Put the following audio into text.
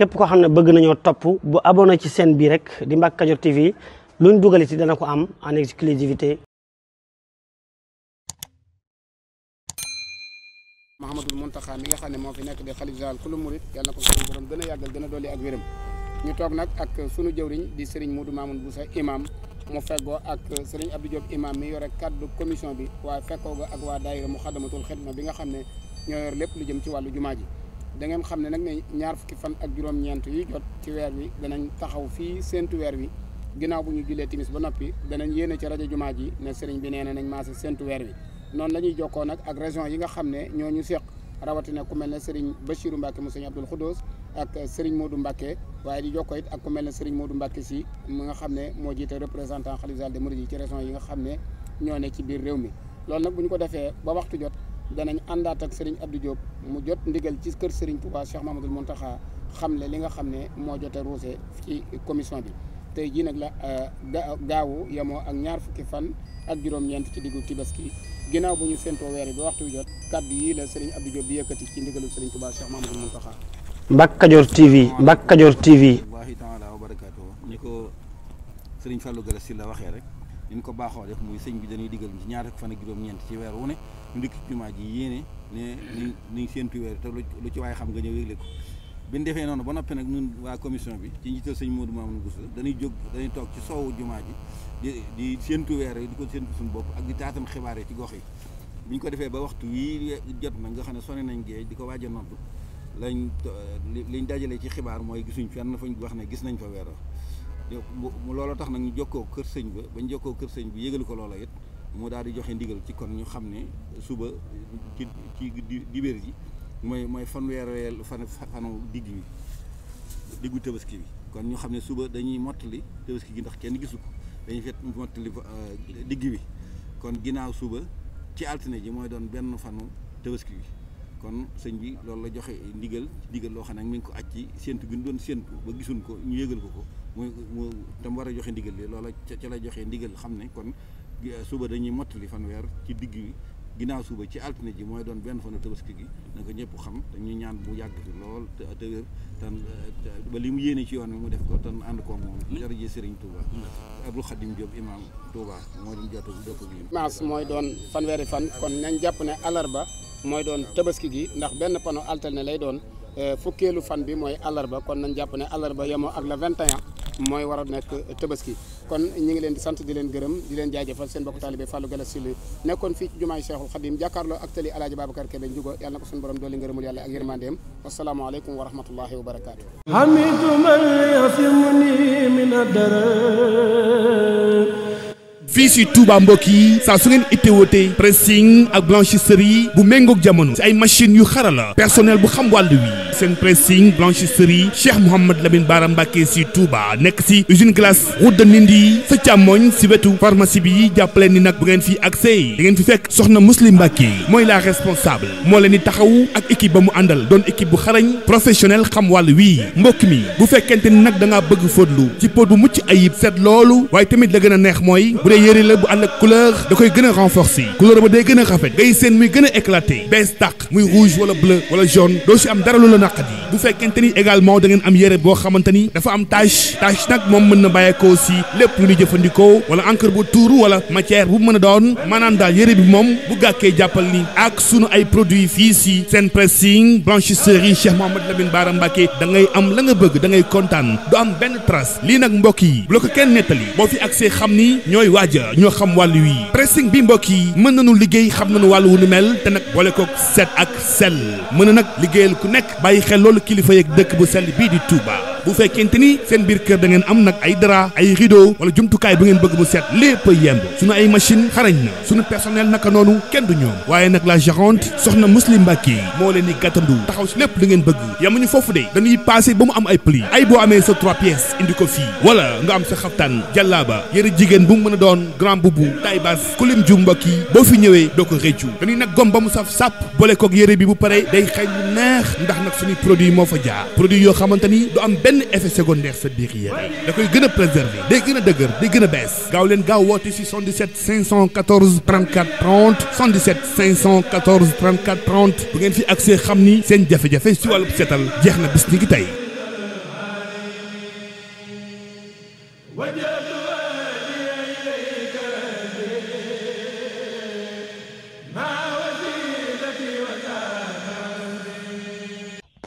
képp koo xam ne bëgg nañoo topp bu abonné ci seen bi rek di Mbacke Kadior TV luñ dugal ci dana ko am en exclusivité Mahamadul Muntaxa bi nga xam ne moo fi nekk di xalif général kulu murit yàlla na ko suñu borom gën a yàggal gën a dolli ak wéram ñu toog nag ak sunu jëwriñ di Serigne Modou Mamoun Boussa imam mu feggoo ak Serigne Abdou Diop imam mi yore kaddu commission bi waaye fekkoo ga ak waa daayira mu xadamatul xidma bi nga xam ne ñoo yor lépp lu jëm ci wàllu jumaa ji da ngeen xam ne nag ñaar fukki fan ak juróom-ñeent yi jot ci weer wi danañ taxaw fii séentu weer wi ginnaaw bu ñu jullee timis ba noppi danañ yéene ci rajo jumaa ji ne sëriñ bi nee na nañ maase séentu weer wi noonu la ñuy jokkoo nag ak région yi nga xam ne ñoo ñu seq rawatina ku mel ne sëriñ Bachirou Mbacke mu sëriñ Abdoul Khoudous ak sëriñ Modou Mbacke waaye di jokkoo it ak ku mel ne sëriñ Modou Mbacke si mu nga xam ne moo jiite représentant xalifa général des mourides yi ci région yi nga xam ne ñoo ne ci biir réew mi loolu nag bu ñu ko defee ba waxtu jot danañ àndaat ak Serigne Abdou Diop mu jot ndigal ci kër Serigne Touba Cheikh Mamadou xam xamle li nga xam ne moo jote ruuse ci commission bi tey jii nag la euh, gaawu yemoo ak ñaar fukki fan ak juróom-ñeent ci diggu Tabaski ginnaaw bu ñu séntoo weer bi waxtu jot kàddu yii la Serigne Abdou Diop di yëkkati ci ndigalu Serigne Touba Cheikh Mamadou Mountakha. Mbacke Kadior TV Mbacke Kadior TV. ni ko Serigne Fallou Galass la waxee rek. liñ ko baaxoo def muy sëñ bi dañuy diggal ci ñaar ak fan ak juróom-ñeent ci weer wu ne ñu dikk ci jumaa ji yéene ne ni niñ séentu weer te lu ci waaye xam nga ñëw yëgle ko bi ñu defee noonu ba noppi nag ñun waa commission bi ci njiital sëñ Modou Mamoun Bousso dañuy jóg dañuy toog ci soowu jumaa ji di di weer yi di ko séentu suñu bopp ak di taatam xibaar yi ci gox yi bi ñu ko defee ba waxtu wii jot na nga xam ne sone nañ gee di ko waaj a nodd lañ liñ dajale ci xibaar mooy gisuñ fenn fañ wax ne gis nañ fa weeroo mu looloo tax nag ñu jokkoo kër sëñ ba bañ jokkoo kër sëñ bi yëgal ko loola it moo daal di joxe ndigal ci kon ñu xam ne suba ci ci dibéer ji mooy mooy fanweereel fan fanu digg bi diggu bi kon ñu xam ne suba dañuy mottali tabaski gi ndax kenn gisu ko dañuy fet mottali euh, digg bi kon ginnaaw suba ci altine ji mooy doon benn fanu tabaski bi kon sëñ bi loolu la joxe ndigal ndigal loo xam ne mi ngi ko aj ci séentu gi ñu doon séentu ba gisuñ ko ñu yëgal ko ko muy mu tam war a joxe ndigal li loola ca la joxe ndigal xam ne kon suba dañuy mottali fanweer ci digg wi ginnaaw suba ci altine ji mooy doon benn fanu tabaski gi na ko ñëpp xam ñaan bu yàgg fi lool te te wér tan ba li mu yéene ci yoon bi mu def ko te ànd ko moom mm. jërëjëf Serigne Touba Abdou Khadim Diop imam Touba moo doon jottu dëkk bi maas mooy doon fanweeri fan kon nañ jàpp ne alarba mooy doon tabaski gi ndax benn panneau ne lay doon eh, fukkeelu fan bi mooy àllarba kon nañ jàpp ne àllarba yemoo ak le 21 mooy war a nekk tabaski kon ñu ngi leen di sant di leen gërëm di leen jaajëfal seen bokk taalibe Fallou Galass Syll nekkoon fii ci jumaay Cheikhul Khadim jàkkaarloo ak tali Alaaji Babacar Kébé Ndiougo yàlla na ko suñu borom dooli ngërëmul yàlla ak yërmandeem wasalaamaaleykum wa rahmatullahi wa barakaatu. fii si Touba mbokk yi saa su ngeen itteewoote pressing ak blanchisserie bu méngoog jamono si ay machines yu xarala personnel bu xam wàll wi seen pressing blanchisserie Cheikh Mouhamad Lamine Bara Mbacké si Touba nekk si usine glace route Nindi sa càmmoñ si wetu pharmacie bi jàppale ni nag bu ngeen fi accès da ngeen fi fekk soxna Muslim Mbacké mooy la responsable moo leen di taxawu ak équipe ba mu àndal doon équipe bu xarañ professionnel xam wàll wii mi bu fekkente ni nag da ngaa bëgg a neex bu ànd ak couleur da koy gën a renforcer couleur ba day gën a rafet ngay seen muy gën a éclaté bees tàq muy rouge wala bleu wala jaune doo si am dara lu la naqat yi bu fekkente ni également da ngeen am yëre boo xamante ni dafa am tache tache nag moom mën na bàyyeekoo si lépp lu ñuy jëfandikoo wala encre bu tuuru wala matière bu mën a doon maanaam daal yëre bi moom bu gàkkee jàppal ni ak sunu ay produits fii si seen pressing blanchisserie Cheikh Mouhamed Lamine Bara Mbacké da ngay am la nga bëgg da kontaan am benn trace lii nag mbokk yi ñoo xam wàllu wi pressing bi mbokk yi mën nañu liggéey xam nañu wàllu wu nu mel te nag boole ko set ak sell mën na nag liggéeyal ku nekk bàyyi xel loolu kilifa yeeg dëkk bu sell bii di Touba bu fekkente ni seen biir kër da ngeen am nag ay dara ay rideau wala jumtukaay bu ngeen bëgg mu seet lépp a yemb suñu ay machine xarañ na suñu personnel naka noonu kenn du ñoom waaye nag la gérante soxna Muslim Mbàkke moo leen di gàttandu taxaw si lépp lu ngeen bëgg yamuñu foofu de dañuy passé ba mu am ay pli ay boo amee sa trois pièces indi ko fii wala nga am sa xaftaan jàllaaba yëre jigéen bu mu mën a doon grand boubou taay basse kulim ju mbokk boo fi ñëwee doo ko rëccu dañuy nag gom ba mu saf sàpp boole koog yëre bi bu pare day xeeñ neex ndax nag suñuy produit moo fa jaar produit yoo xamante benn effet secondaire sa biir yaram da koy gën a préserver day gën a dëgër day gën a bees gaaw leen gaaw woote si 77 514 bu ngeen fi accès xam ni seen jafe-jafe si wàllu seetal jeex na bis ni ngi tey